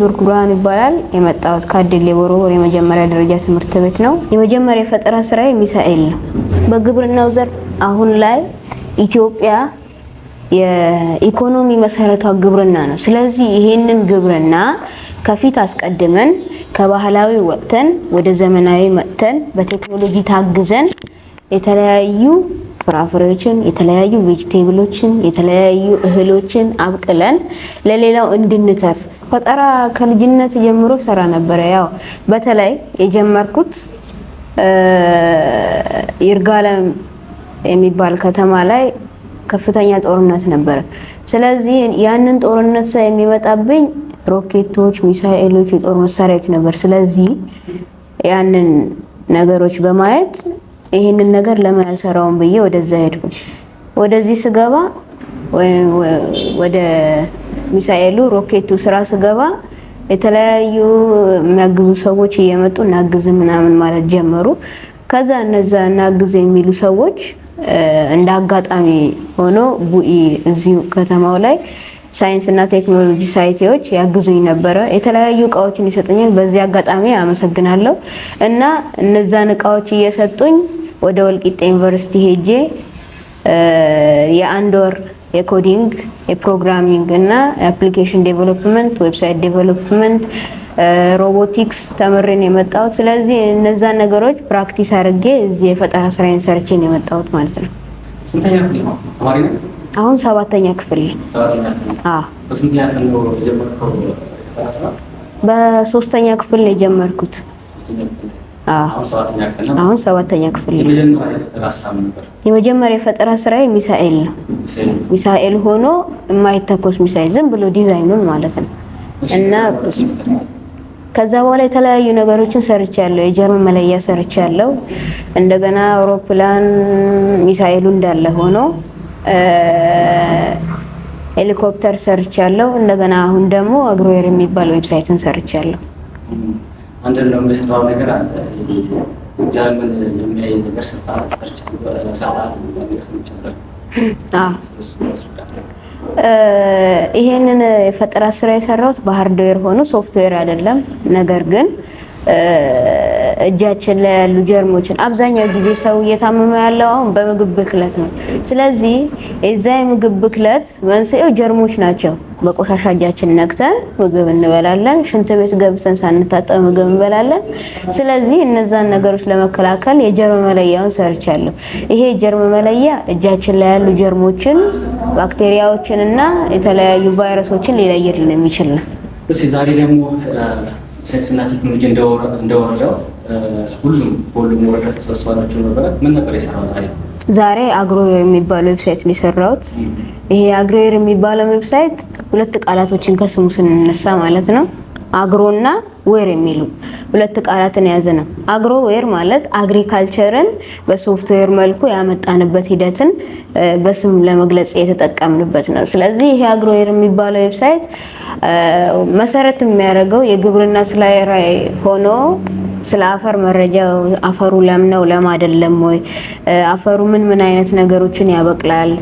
ዙር ጉራን ይባላል። የመጣሁት ከአድሌ ቦሮ የመጀመሪያ ደረጃ ትምህርት ቤት ነው። የመጀመሪያ የፈጠራ ስራ ሚሳኤል ነው። በግብርናው ዘርፍ አሁን ላይ ኢትዮጵያ የኢኮኖሚ መሰረቷ ግብርና ነው። ስለዚህ ይሄንን ግብርና ከፊት አስቀድመን ከባህላዊ ወጥተን ወደ ዘመናዊ መጥተን በቴክኖሎጂ ታግዘን የተለያዩ ፍራፍሬዎችን፣ የተለያዩ ቬጅቴብሎችን፣ የተለያዩ እህሎችን አብቅለን ለሌላው እንድንተርፍ ፈጠራ ከልጅነት ጀምሮ ሰራ ነበረ። ያው በተለይ የጀመርኩት ይርጋለም የሚባል ከተማ ላይ ከፍተኛ ጦርነት ነበረ። ስለዚህ ያንን ጦርነት የሚመጣብኝ ሮኬቶች፣ ሚሳኤሎች፣ የጦር መሳሪያዎች ነበር። ስለዚህ ያንን ነገሮች በማየት ይህንን ነገር ለምን አልሰራውም ብዬ ወደዛ ሄድኩኝ። ወደዚህ ስገባ ወደ ሚሳኤሉ ሮኬቱ ስራ ስገባ የተለያዩ የሚያግዙ ሰዎች እየመጡ እናግዝ ምናምን ማለት ጀመሩ። ከዛ እነዛ እናግዝ የሚሉ ሰዎች እንደ አጋጣሚ ሆኖ ቡኢ እዚሁ ከተማው ላይ ሳይንስ እና ቴክኖሎጂ ሳይቲዎች ያግዙኝ ነበረ። የተለያዩ እቃዎችን ይሰጡኛል። በዚህ አጋጣሚ አመሰግናለሁ እና እነዛን እቃዎች እየሰጡኝ ወደ ወልቂጤ ዩኒቨርሲቲ ሄጄ የአንድ ወር የኮዲንግ የፕሮግራሚንግ እና የአፕሊኬሽን ዴቨሎፕመንት፣ ዌብሳይት ዴቨሎፕመንት፣ ሮቦቲክስ ተምሬን የመጣሁት። ስለዚህ እነዛን ነገሮች ፕራክቲስ አድርጌ እዚህ የፈጠራ ስራዬን ሰርቼን የመጣሁት ማለት ነው። አሁን ሰባተኛ ክፍል በሶስተኛ ክፍል ነው የጀመርኩት። አሁን ሰባተኛ ክፍል ነው። የመጀመሪያ የፈጠራ ስራ ሚሳኤል ነው። ሚሳኤል ሆኖ የማይተኮስ ሚሳኤል ዝም ብሎ ዲዛይኑን ማለት ነው። እና ከዛ በኋላ የተለያዩ ነገሮችን ያለው የጀርመን መለያ ሰርች ያለው እንደገና አውሮፕላን ሚሳኤሉ እንዳለ ሆኖ ሄሊኮፕተር ያለው እንደገና አሁን ደግሞ አግሮዌር የሚባል ዌብሳይትን ሰርቻለሁ። አንድ ይሄንን የፈጠራ ስራ የሰራሁት በሀርድዌር ሆኖ ሶፍትዌር አይደለም። ነገር ግን እጃችን ላይ ያሉ ጀርሞችን አብዛኛው ጊዜ ሰው እየታመመ ያለው አሁን በምግብ ብክለት ነው። ስለዚህ የዛ የምግብ ብክለት መንስኤው ጀርሞች ናቸው። በቆሻሻ እጃችን ነክተን ምግብ እንበላለን፣ ሽንት ቤት ገብተን ሳንታጠብ ምግብ እንበላለን። ስለዚህ እነዛን ነገሮች ለመከላከል የጀርም መለያውን ሰርቻለሁ። ይሄ የጀርም መለያ እጃችን ላይ ያሉ ጀርሞችን፣ ባክቴሪያዎችን እና የተለያዩ ቫይረሶችን ሊለይልን የሚችል ነው። ዛሬ ደግሞ ሳይንስና ቴክኖሎጂ እንደወረደው ሁሉም በሁሉም ወረዳ ተሰብስባላቸው ነበረ። ምን ነበር የሰራው ዛሬ? ዛሬ አግሮዌር የሚባለው ዌብሳይት ነው የሰራሁት። ይሄ አግሮዌር የሚባለው ዌብሳይት ሁለት ቃላቶችን ከስሙ ስንነሳ ማለት ነው አግሮ አግሮና ዌር የሚሉ ሁለት ቃላትን የያዘ ነው። አግሮ ዌር ማለት አግሪካልቸርን በሶፍትዌር መልኩ ያመጣንበት ሂደትን በስም ለመግለጽ የተጠቀምንበት ነው። ስለዚህ ይሄ አግሮ ዌር የሚባለው ዌብሳይት መሰረት የሚያደርገው የግብርና ስራ ሆኖ ስለ አፈር መረጃ አፈሩ ለም ነው ለም አይደለም ወይ፣ አፈሩ ምን ምን አይነት ነገሮችን ያበቅላል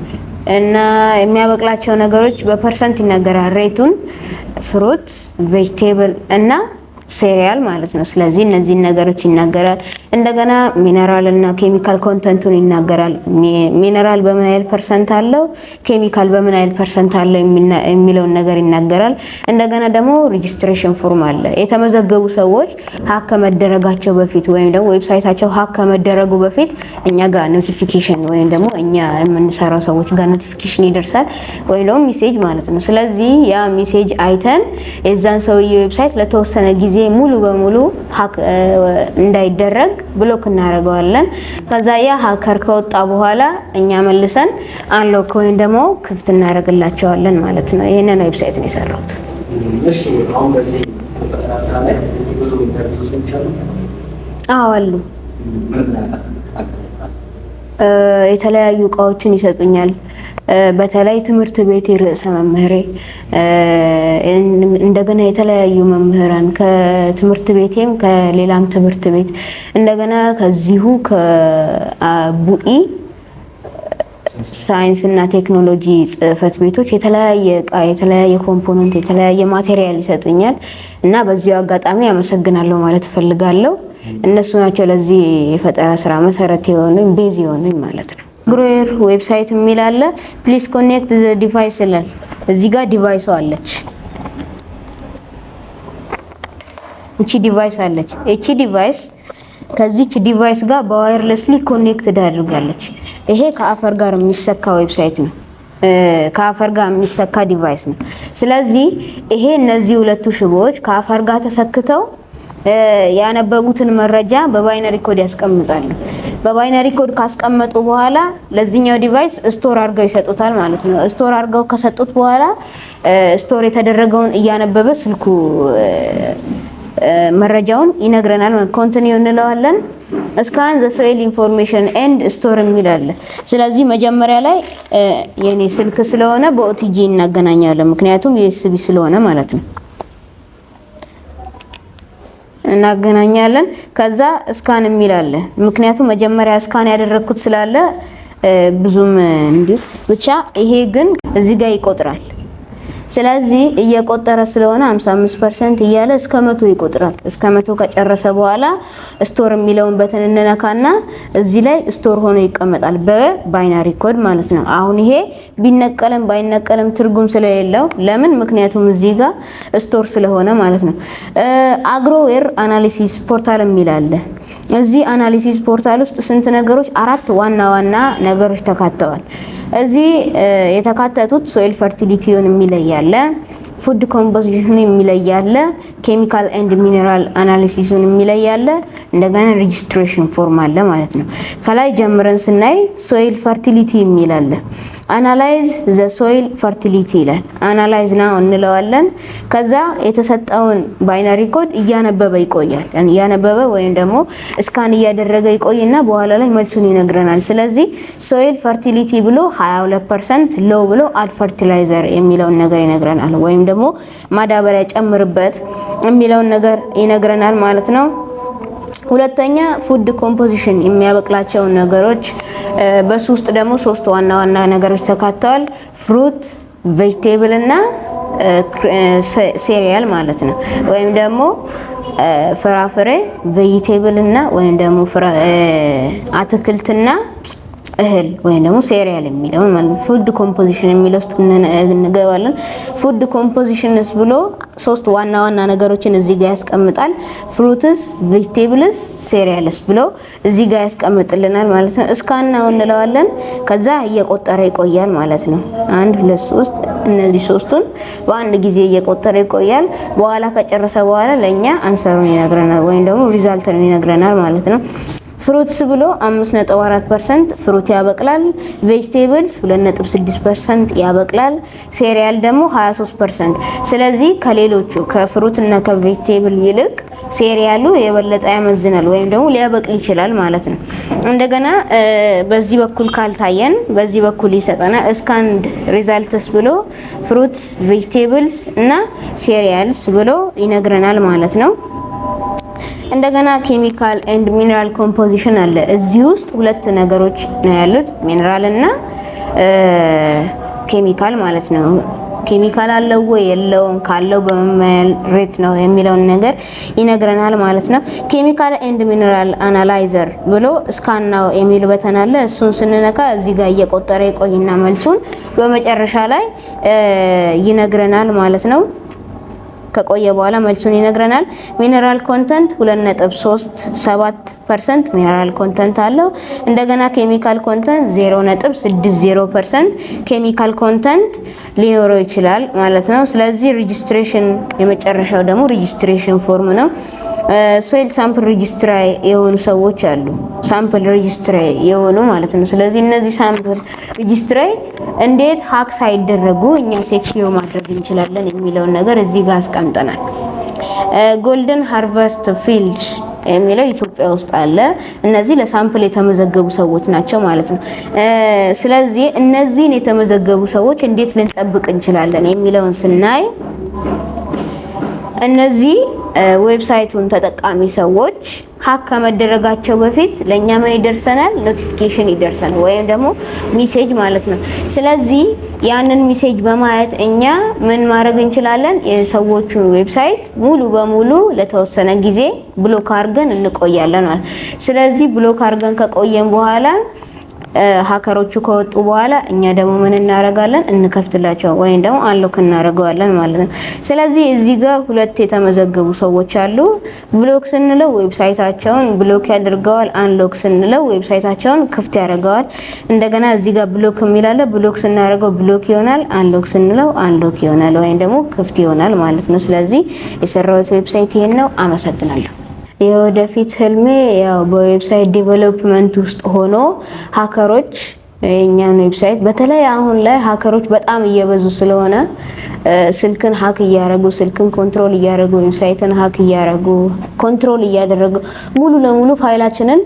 እና የሚያበቅላቸው ነገሮች በፐርሰንት ይነገራል። ሬቱን ፍሩት ቬጅቴብል እና ሴሪያል ማለት ነው። ስለዚህ እነዚህን ነገሮች ይናገራል። እንደገና ሚነራል እና ኬሚካል ኮንተንቱን ይናገራል። ሚነራል በምን ያህል ፐርሰንት አለው፣ ኬሚካል በምን ያህል ፐርሰንት አለው የሚለውን ነገር ይናገራል። እንደገና ደግሞ ሬጅስትሬሽን ፎርም አለ። የተመዘገቡ ሰዎች ሀክ ከመደረጋቸው በፊት ወይም ደግሞ ዌብሳይታቸው ሀክ ከመደረጉ በፊት እኛ ጋር ኖቲፊኬሽን ወይም ደግሞ እኛ የምንሰራው ሰዎች ጋር ኖቲፊኬሽን ይደርሳል ወይም ደግሞ ሚሴጅ ማለት ነው። ስለዚህ ያ ሚሴጅ አይተን የዛን ሰውዬ ዌብሳይት ለተወሰነ ጊዜ ሙሉ በሙሉ ሀክ እንዳይደረግ ብሎክ እናደርገዋለን። ከዛ ያ ሀከር ከወጣ በኋላ እኛ መልሰን አንሎክ ወይም ደግሞ ክፍት እናደርግላቸዋለን ማለት ነው። ይህንን ዌብሳይት ነው የሰራሁት። አሉ። የተለያዩ እቃዎችን ይሰጡኛል በተለይ ትምህርት ቤት ርዕሰ መምህሬ እንደገና የተለያዩ መምህራን ከትምህርት ቤቴም ከሌላም ትምህርት ቤት እንደገና ከዚሁ ከቡኢ ሳይንስ እና ቴክኖሎጂ ጽህፈት ቤቶች የተለያየ እቃ የተለያየ ኮምፖነንት የተለያየ ማቴሪያል ይሰጡኛል እና በዚያው አጋጣሚ አመሰግናለሁ ማለት እፈልጋለሁ። እነሱ ናቸው ለዚህ የፈጠራ ስራ መሰረት የሆኑኝ ቤዝ የሆኑኝ ማለት ነው። ግሮየር ዌብሳይት የሚል አለ። ፕሊስ ኮኔክት ዘ ዲቫይስ ይላል። እዚህ ጋር ዲቫይሱ አለች። እቺ ዲቫይስ አለች። እቺ ዲቫይስ ከዚች ዲቫይስ ጋር በዋየርለስሊ ኮኔክትድ አድርጋለች። ይሄ ከአፈር ጋር የሚሰካ ዌብሳይት ነው። ከአፈር ጋር የሚሰካ ዲቫይስ ነው። ስለዚህ ይሄ እነዚህ ሁለቱ ሽቦዎች ከአፈር ጋር ተሰክተው ያነበቡትን መረጃ በባይነሪ ኮድ ያስቀምጣሉ። በባይነሪ ኮድ ካስቀመጡ በኋላ ለዚህኛው ዲቫይስ ስቶር አድርገው ይሰጡታል ማለት ነው። ስቶር አድርገው ከሰጡት በኋላ ስቶር የተደረገውን እያነበበ ስልኩ መረጃውን ይነግረናል። ኮንቲኒው እንለዋለን። እስካን ዘ ሶይል ኢንፎርሜሽን ኤንድ ስቶር የሚል አለ። ስለዚህ መጀመሪያ ላይ የኔ ስልክ ስለሆነ በኦቲጂ እናገናኛለን፣ ምክንያቱም ዩኤስቢ ስለሆነ ማለት ነው። እናገናኛለን። ከዛ እስካን አለ ምክንያቱም መጀመሪያ እስካን ያደረግኩት ስላለ ብዙም እንዲሁ ብቻ ይሄ ግን እዚህ ጋር ይቆጥራል። ስለዚህ እየቆጠረ ስለሆነ 55% እያለ እስከ መቶ ይቆጥራል። እስከ መቶ ከጨረሰ በኋላ ስቶር የሚለውን በተን እንነካና እዚህ ላይ ስቶር ሆኖ ይቀመጣል በባይናሪ ኮድ ማለት ነው። አሁን ይሄ ቢነቀልም ባይነቀልም ትርጉም ስለሌለው ለምን? ምክንያቱም እዚህ ጋር ስቶር ስለሆነ ማለት ነው። አግሮዌር አናሊሲስ ፖርታል የሚል አለ። እዚህ አናሊሲስ ፖርታል ውስጥ ስንት ነገሮች? አራት ዋና ዋና ነገሮች ተካተዋል። እዚህ የተካተቱት ሶይል ፈርቲሊቲውን የሚለያል ያለ ፉድ ኮምፖዚሽን የሚለያለ፣ ኬሚካል ኤንድ ሚኔራል አናሊሲሱን የሚለያለ፣ እንደገና ሬጂስትሬሽን ፎርም አለ ማለት ነው። ከላይ ጀምረን ስናይ ሶይል ፈርቲሊቲ የሚላለ፣ አናላይዝ ዘ ሶይል ፈርቲሊቲ ይላል። አናላይዝ ና እንለዋለን። ከዛ የተሰጠውን ባይነሪ ኮድ እያነበበ ይቆያል። እያነበበ ወይም ደግሞ እስካን እያደረገ ይቆይና በኋላ ላይ መልሱን ይነግረናል። ስለዚህ ሶይል ፈርቲሊቲ ብሎ 22 ፐርሰንት ሎው ብሎ አልፈርቲላይዘር የሚለውን ነገር ይነግረናል ወይም ደግሞ ማዳበሪያ ጨምርበት የሚለውን ነገር ይነግረናል ማለት ነው። ሁለተኛ ፉድ ኮምፖዚሽን የሚያበቅላቸው ነገሮች በሱ ውስጥ ደግሞ ሶስት ዋና ዋና ነገሮች ተካተዋል። ፍሩት፣ ቬጅቴብል እና ሴሪያል ማለት ነው። ወይም ደግሞ ፍራፍሬ ቬጅቴብል እና ወይም ደግሞ አትክልትና እህል ወይም ደግሞ ሴሪያል የሚለውን ፉድ ኮምፖዚሽን የሚለው ውስጥ እንገባለን። ፉድ ኮምፖዚሽንስ ብሎ ሶስት ዋና ዋና ነገሮችን እዚህ ጋር ያስቀምጣል። ፍሩትስ፣ ቬጅቴብልስ፣ ሴሪያልስ ብሎ እዚህ ጋር ያስቀምጥልናል ማለት ነው። እስካናው እንለዋለን። ከዛ እየቆጠረ ይቆያል ማለት ነው። አንድ ሁለት ሶስት፣ እነዚህ ሶስቱን በአንድ ጊዜ እየቆጠረ ይቆያል። በኋላ ከጨረሰ በኋላ ለእኛ አንሰሩን ይነግረናል ወይም ደግሞ ሪዛልትን ይነግረናል ማለት ነው። ፍሩትስ ብሎ 5.4% ፍሩት ያበቅላል። ቬጅቴብልስ 2.6% ያበቅላል። ሴሪያል ደግሞ 23%። ስለዚህ ከሌሎቹ ከፍሩት እና ከቬጅቴብል ይልቅ ሴሪያሉ የበለጠ ያመዝናል ወይም ደግሞ ሊያበቅል ይችላል ማለት ነው። እንደገና በዚህ በኩል ካልታየን በዚህ በኩል ይሰጠና እስካንድ ሪዛልትስ ብሎ ፍሩትስ፣ ቬጅቴብልስ እና ሴሪያልስ ብሎ ይነግረናል ማለት ነው። እንደገና ኬሚካል ኤንድ ሚነራል ኮምፖዚሽን አለ። እዚህ ውስጥ ሁለት ነገሮች ነው ያሉት፣ ሚነራል እና ኬሚካል ማለት ነው። ኬሚካል አለው ወይ የለውም፣ ካለው በመመሬት ነው የሚለውን ነገር ይነግረናል ማለት ነው። ኬሚካል ኤንድ ሚነራል አናላይዘር ብሎ እስካናው የሚል በተን አለ። እሱን ስንነካ እዚህ ጋር እየቆጠረ ይቆይና መልሱን በመጨረሻ ላይ ይነግረናል ማለት ነው። ከቆየ በኋላ መልሱን ይነግረናል። ሚነራል ኮንተንት 2.37 ፐርሰንት ኮንተንት አለው። እንደገና ኬሚካል ኮንተንት 0.60 ኬሚካል ኮንተንት ሊኖረው ይችላል ማለት ነው። ስለዚህ ሬጅስትሬሽን የመጨረሻው ደግሞ ሬጅስትሬሽን ፎርም ነው። ሶይል ሳምፕል ሬጅስትራ የሆኑ ሰዎች አሉ። ሳምፕል ሬጅስትራ የሆኑ ማለት ነው። ስለዚህ እነዚህ ሳምፕል ሬጅስትራ እንዴት ሀክ ሳይደረጉ እኛ ሴኪዩር ማድረግ እንችላለን የሚለውን ነገር እዚህ ጋር አስቀምጠናል። ጎልደን ሃርቨስት ፊልድ የሚለው ኢትዮጵያ ውስጥ አለ። እነዚህ ለሳምፕል የተመዘገቡ ሰዎች ናቸው ማለት ነው። ስለዚህ እነዚህን የተመዘገቡ ሰዎች እንዴት ልንጠብቅ እንችላለን የሚለውን ስናይ እነዚህ ዌብሳይቱን ተጠቃሚ ሰዎች ሀክ ከመደረጋቸው በፊት ለእኛ ምን ይደርሰናል? ኖቲፊኬሽን ይደርሰናል፣ ወይም ደግሞ ሚሴጅ ማለት ነው። ስለዚህ ያንን ሚሴጅ በማየት እኛ ምን ማድረግ እንችላለን? የሰዎቹን ዌብሳይት ሙሉ በሙሉ ለተወሰነ ጊዜ ብሎክ አድርገን እንቆያለን ማለት። ስለዚህ ብሎክ አድርገን ከቆየን በኋላ ሀከሮቹ ከወጡ በኋላ እኛ ደግሞ ምን እናደርጋለን? እንከፍትላቸው ወይም ደግሞ አንሎክ እናደርገዋለን ማለት ነው። ስለዚህ እዚህ ጋር ሁለት የተመዘገቡ ሰዎች አሉ። ብሎክ ስንለው ዌብሳይታቸውን ብሎክ ያደርገዋል። አንሎክ ስንለው ዌብሳይታቸውን ክፍት ያደርገዋል። እንደገና እዚህ ጋር ብሎክ የሚላለ ብሎክ ስናደርገው ብሎክ ይሆናል። አንሎክ ስንለው አንሎክ ይሆናል ወይም ደግሞ ክፍት ይሆናል ማለት ነው። ስለዚህ የሰራሁት ዌብሳይት ይሄን ነው። አመሰግናለሁ። የወደፊት ህልሜ ያው በዌብሳይት ዲቨሎፕመንት ውስጥ ሆኖ ሀከሮች የእኛን ዌብሳይት በተለይ አሁን ላይ ሀከሮች በጣም እየበዙ ስለሆነ ስልክን ሀክ እያደረጉ ስልክን ኮንትሮል እያደረጉ ዌብሳይትን ሀክ እያደረጉ ኮንትሮል እያደረጉ ሙሉ ለሙሉ ፋይላችንን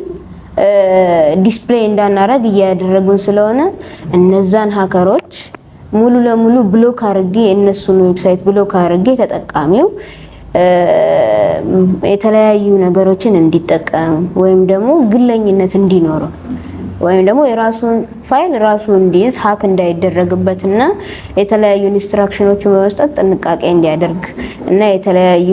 ዲስፕሌይ እንዳናረግ እያደረጉን ስለሆነ እነዛን ሀከሮች ሙሉ ለሙሉ ብሎክ አድርጌ እነሱን ዌብሳይት ብሎክ አድርጌ ተጠቃሚው የተለያዩ ነገሮችን እንዲጠቀም ወይም ደግሞ ግለኝነት እንዲኖረው ወይም ደግሞ የራሱን ፋይል ራሱ እንዲይዝ ሀክ እንዳይደረግበት እና የተለያዩ ኢንስትራክሽኖችን በመስጠት ጥንቃቄ እንዲያደርግ እና የተለያዩ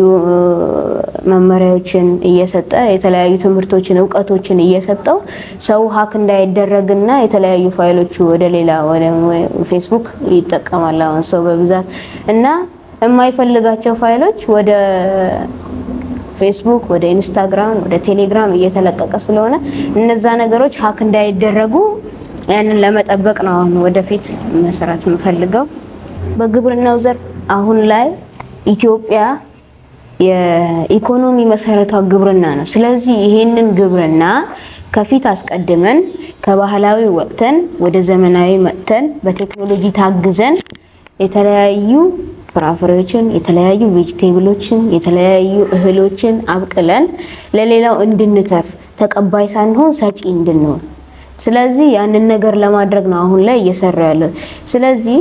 መመሪያዎችን እየሰጠ የተለያዩ ትምህርቶችን፣ እውቀቶችን እየሰጠው ሰው ሀክ እንዳይደረግ እና የተለያዩ ፋይሎቹ ወደ ሌላ ወደ ፌስቡክ ይጠቀማል አሁን ሰው በብዛት እና የማይፈልጋቸው ፋይሎች ወደ ፌስቡክ፣ ወደ ኢንስታግራም፣ ወደ ቴሌግራም እየተለቀቀ ስለሆነ እነዛ ነገሮች ሀክ እንዳይደረጉ ያንን ለመጠበቅ ነው አሁን ወደፊት መስራት የምፈልገው። በግብርናው ዘርፍ አሁን ላይ ኢትዮጵያ የኢኮኖሚ መሰረቷ ግብርና ነው። ስለዚህ ይሄንን ግብርና ከፊት አስቀድመን ከባህላዊ ወጥተን ወደ ዘመናዊ መጥተን በቴክኖሎጂ ታግዘን የተለያዩ ፍራፍሬዎችን፣ የተለያዩ ቬጅቴብሎችን፣ የተለያዩ እህሎችን አብቅለን ለሌላው እንድንተርፍ ተቀባይ ሳንሆን ሰጪ እንድንሆን። ስለዚህ ያንን ነገር ለማድረግ ነው አሁን ላይ እየሰራ ያለው። ስለዚህ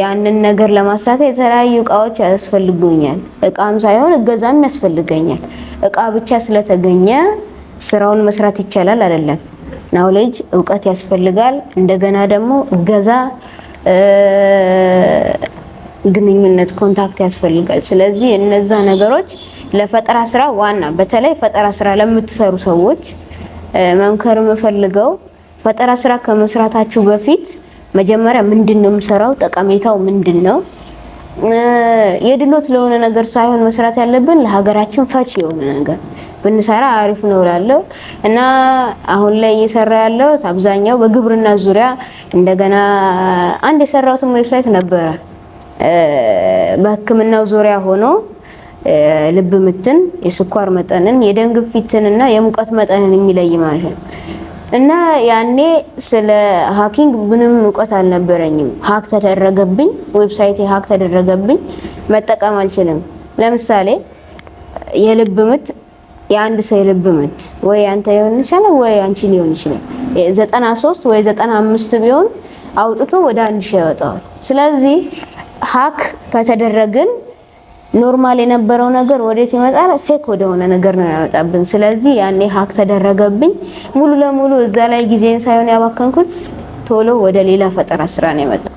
ያንን ነገር ለማሳካ የተለያዩ እቃዎች ያስፈልጉኛል። እቃም ሳይሆን እገዛም ያስፈልገኛል። እቃ ብቻ ስለተገኘ ስራውን መስራት ይቻላል አይደለም። ናውሌጅ እውቀት ያስፈልጋል። እንደገና ደግሞ እገዛ ግንኙነት ኮንታክት ያስፈልጋል። ስለዚህ እነዛ ነገሮች ለፈጠራ ስራ ዋና በተለይ ፈጠራ ስራ ለምትሰሩ ሰዎች መምከር የምፈልገው ፈጠራ ስራ ከመስራታችሁ በፊት መጀመሪያ ምንድን ነው የምሰራው፣ ጠቀሜታው ምንድን ነው? የድሎት ለሆነ ነገር ሳይሆን መስራት ያለብን ለሀገራችን ፈች የሆነ ነገር ብንሰራ አሪፍ ነው እላለሁ እና አሁን ላይ እየሰራ ያለሁት አብዛኛው በግብርና ዙሪያ እንደገና አንድ የሰራሁትን ዌብሳይት ነበረ በህክምናው ዙሪያ ሆኖ ልብ ምትን፣ የስኳር መጠንን፣ የደም ግፊትንና የሙቀት መጠንን የሚለይ ማለት ነው። እና ያኔ ስለ ሀኪንግ ምንም እውቀት አልነበረኝም። ሀክ ተደረገብኝ፣ ዌብሳይት ሀክ ተደረገብኝ፣ መጠቀም አልችልም። ለምሳሌ የልብ ምት የአንድ ሰው የልብ ምት ወይ አንተ ሊሆን ይችላል ወይ አንቺ ሊሆን ይችላል። ዘጠና ሶስት ወይ ዘጠና ቢሆን አውጥቶ ወደ አንድ ሺህ ያወጣዋል። ስለዚህ ሀክ ከተደረግን ኖርማል የነበረው ነገር ወዴት ይመጣል? ፌክ ወደሆነ ነገር ነው ያመጣብን። ስለዚህ ያኔ ሀክ ተደረገብኝ ሙሉ ለሙሉ እዛ ላይ ጊዜን ሳይሆን ያባከንኩት ቶሎ ወደ ሌላ ፈጠራ ስራ ነው የመጣው።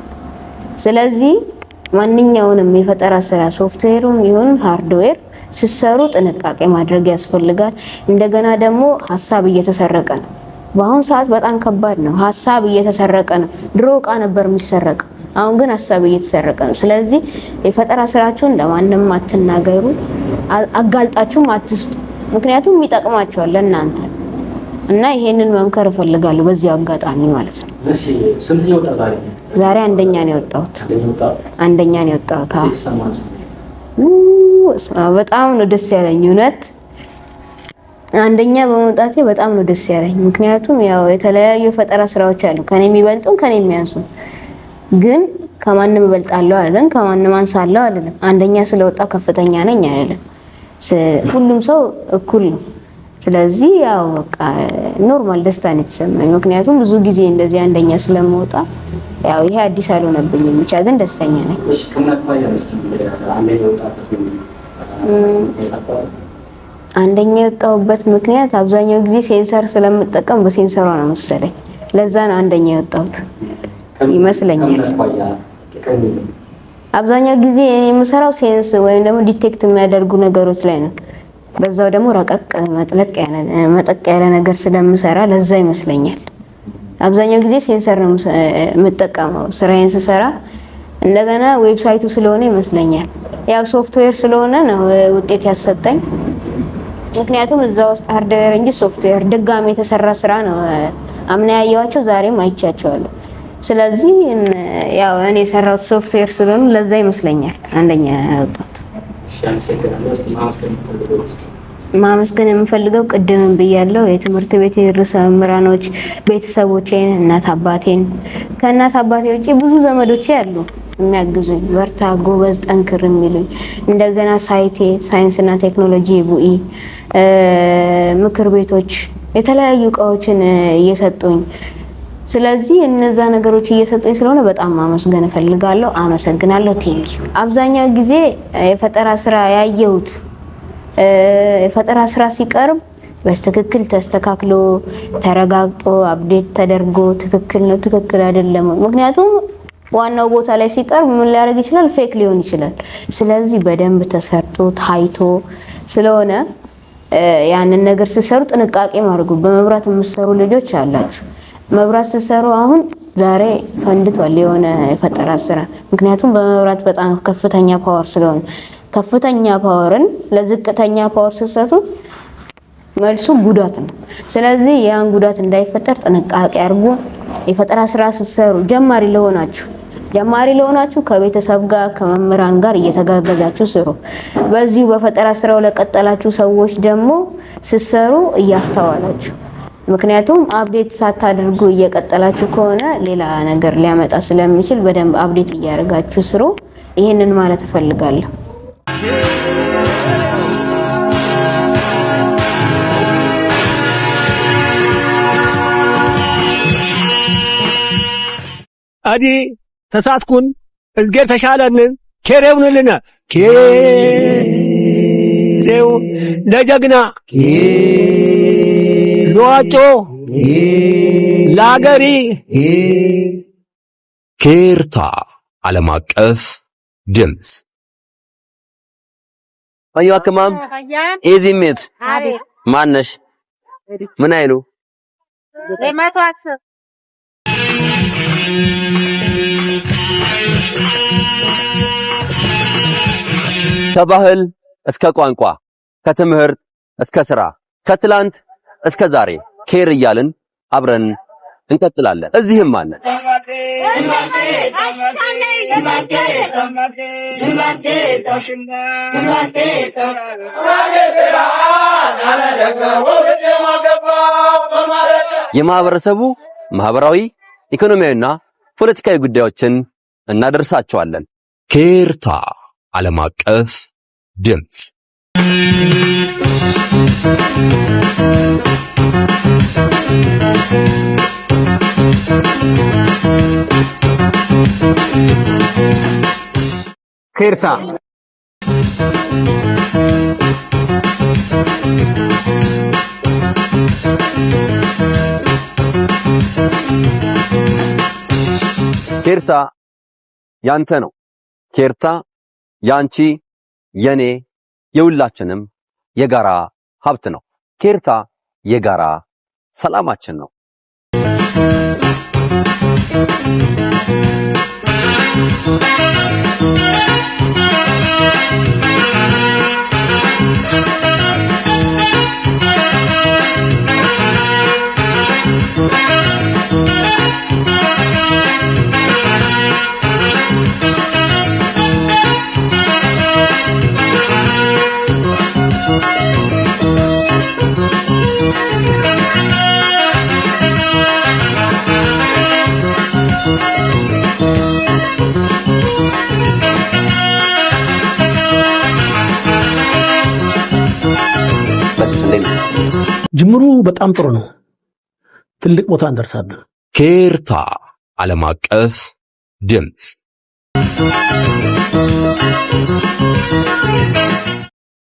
ስለዚህ ማንኛውንም የፈጠራ ስራ ሶፍትዌሩም ይሁን ሃርድዌር ሲሰሩ ጥንቃቄ ማድረግ ያስፈልጋል። እንደገና ደግሞ ሀሳብ እየተሰረቀ ነው። በአሁኑ ሰዓት በጣም ከባድ ነው። ሀሳብ እየተሰረቀ ነው። ድሮ እቃ ነበር የሚሰረቀው። አሁን ግን ሀሳብ እየተሰረቀ ነው። ስለዚህ የፈጠራ ስራችሁን ለማንም አትናገሩ፣ አጋልጣችሁም አትስጡ። ምክንያቱም ይጠቅማችኋል ለእናንተ እና ይሄንን መምከር እፈልጋለሁ በዚህ አጋጣሚ ማለት ነው። ዛሬ አንደኛ ነው የወጣሁት፣ አንደኛ ነው የወጣሁት። በጣም ነው ደስ ያለኝ እውነት አንደኛ በመውጣቴ በጣም ነው ደስ ያለኝ። ምክንያቱም ያው የተለያዩ የፈጠራ ስራዎች አሉ ከኔ የሚበልጡም ከኔ የሚያንሱ ግን ከማንም እበልጣለሁ አይደለም፣ ከማንም አንሳለሁ አይደለም። አንደኛ ስለወጣው ከፍተኛ ነኝ አይደለም። ሁሉም ሰው እኩል ነው። ስለዚህ ያው በቃ ኖርማል ደስታ ነው የተሰማኝ። ምክንያቱም ብዙ ጊዜ እንደዚህ አንደኛ ስለመውጣ ያው ይሄ አዲስ አልሆነብኝም። ብቻ ግን ደስተኛ ነኝ። አንደኛ የወጣሁበት ምክንያት አብዛኛው ጊዜ ሴንሰር ስለምጠቀም በሴንሰሯ ነው መሰለኝ። ለዛ ነው አንደኛ የወጣሁት። ይመስለኛል። አብዛኛው ጊዜ የምሰራው ሴንስ ወይም ደግሞ ዲቴክት የሚያደርጉ ነገሮች ላይ ነው። በዛው ደግሞ ረቀቅ መጠቅ ያለ ነገር ስለምሰራ ለዛ ይመስለኛል። አብዛኛው ጊዜ ሴንሰር ነው የምጠቀመው ስራዬን ስሰራ። እንደገና ዌብሳይቱ ስለሆነ ይመስለኛል ያው ሶፍትዌር ስለሆነ ነው ውጤት ያሰጠኝ። ምክንያቱም እዛ ውስጥ ሃርድዌር እንጂ ሶፍትዌር ድጋሚ የተሰራ ስራ ነው። አምና ያየኋቸው ዛሬም አይቻቸዋለሁ። ስለዚህ ያው እኔ የሰራሁት ሶፍትዌር ስለሆነ ለዛ ይመስለኛል አንደኛ ያወጣሁት። ማመስገን የምፈልገው ቅድምም ብያለሁ፣ የትምህርት ቤት ርዕሰ መምህራኖች፣ ቤተሰቦቼን፣ እናት አባቴን። ከእናት አባቴ ውጭ ብዙ ዘመዶቼ አሉ የሚያግዙኝ፣ በርታ፣ ጎበዝ፣ ጠንክር የሚሉኝ። እንደገና ሳይቴ፣ ሳይንስና ቴክኖሎጂ ቡኢ፣ ምክር ቤቶች የተለያዩ እቃዎችን እየሰጡኝ ስለዚህ እነዛ ነገሮች እየሰጡኝ ስለሆነ በጣም ማመስገን እፈልጋለሁ። አመሰግናለሁ። ቴንኪ። አብዛኛው ጊዜ የፈጠራ ስራ ያየሁት የፈጠራ ስራ ሲቀርብ በትክክል ተስተካክሎ ተረጋግጦ አፕዴት ተደርጎ ትክክል ነው ትክክል አይደለም። ምክንያቱም ዋናው ቦታ ላይ ሲቀርብ ምን ሊያደርግ ይችላል? ፌክ ሊሆን ይችላል። ስለዚህ በደንብ ተሰርቶ ታይቶ ስለሆነ ያንን ነገር ስሰሩ ጥንቃቄ ማድረጉ። በመብራት የምትሰሩ ልጆች አላችሁ መብራት ስትሰሩ አሁን ዛሬ ፈንድቷል የሆነ የፈጠራ ስራ። ምክንያቱም በመብራት በጣም ከፍተኛ ፓወር ስለሆነ ከፍተኛ ፓወርን ለዝቅተኛ ፓወር ስሰጡት መልሱ ጉዳት ነው። ስለዚህ ያን ጉዳት እንዳይፈጠር ጥንቃቄ አድርጉ። የፈጠራ ስራ ስትሰሩ ጀማሪ ለሆናችሁ ጀማሪ ለሆናችሁ ከቤተሰብ ጋር ከመምህራን ጋር እየተጋገዛችሁ ስሩ። በዚሁ በፈጠራ ስራው ለቀጠላችሁ ሰዎች ደግሞ ስትሰሩ እያስተዋላችሁ ምክንያቱም አብዴት ሳታደርጉ እየቀጠላችሁ ከሆነ ሌላ ነገር ሊያመጣ ስለሚችል በደንብ አብዴት እያደረጋችሁ ስሩ። ይህንን ማለት እፈልጋለሁ። አዲ ተሳትኩን እዝጌር ተሻለንን ኬሬውንልን ኬሬው ለጀግና ለዋጮ ለአገሪ ኬርታ ዓለም አቀፍ ድምፅ አዩ አከማም ኤዚሜት ማነሽ ምን አይሉ ለማቶ አስር ከባህል እስከ ቋንቋ ከትምህርት እስከ ስራ ከትላንት እስከ ዛሬ ኬር እያልን አብረን እንቀጥላለን። እዚህም አለን። የማህበረሰቡ ማህበራዊ ኢኮኖሚያዊና ፖለቲካዊ ጉዳዮችን እናደርሳቸዋለን። ኬርታ ዓለም አቀፍ ድምፅ ኬርታ ኬርታ ያንተ ነው። ኬርታ ያንቺ፣ የኔ፣ የሁላችንም የጋራ ሀብት ነው። ኬርታ የጋራ ሰላማችን ነው። Thank you. በጣም ጥሩ ነው። ትልቅ ቦታ እንደርሳለን። ኬርታ ዓለም አቀፍ ድምፅ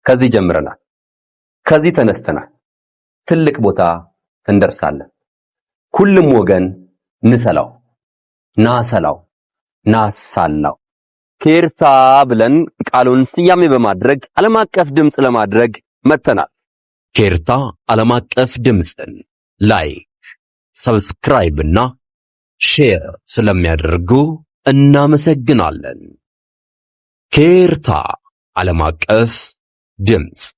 ከዚህ ጀምረናል። ከዚህ ተነስተናል። ትልቅ ቦታ እንደርሳለን። ሁሉም ወገን ንሰላው፣ ናሰላው፣ ናሳላው ኬርታ ብለን ቃሉን ስያሜ በማድረግ ዓለም አቀፍ ድምፅ ለማድረግ መጥተናል። ኬርታ ዓለም አቀፍ ድምፅን ላይክ፣ ሰብስክራይብ እና ሼር ስለሚያደርጉ እናመሰግናለን። ኬርታ ዓለም አቀፍ ድምፅ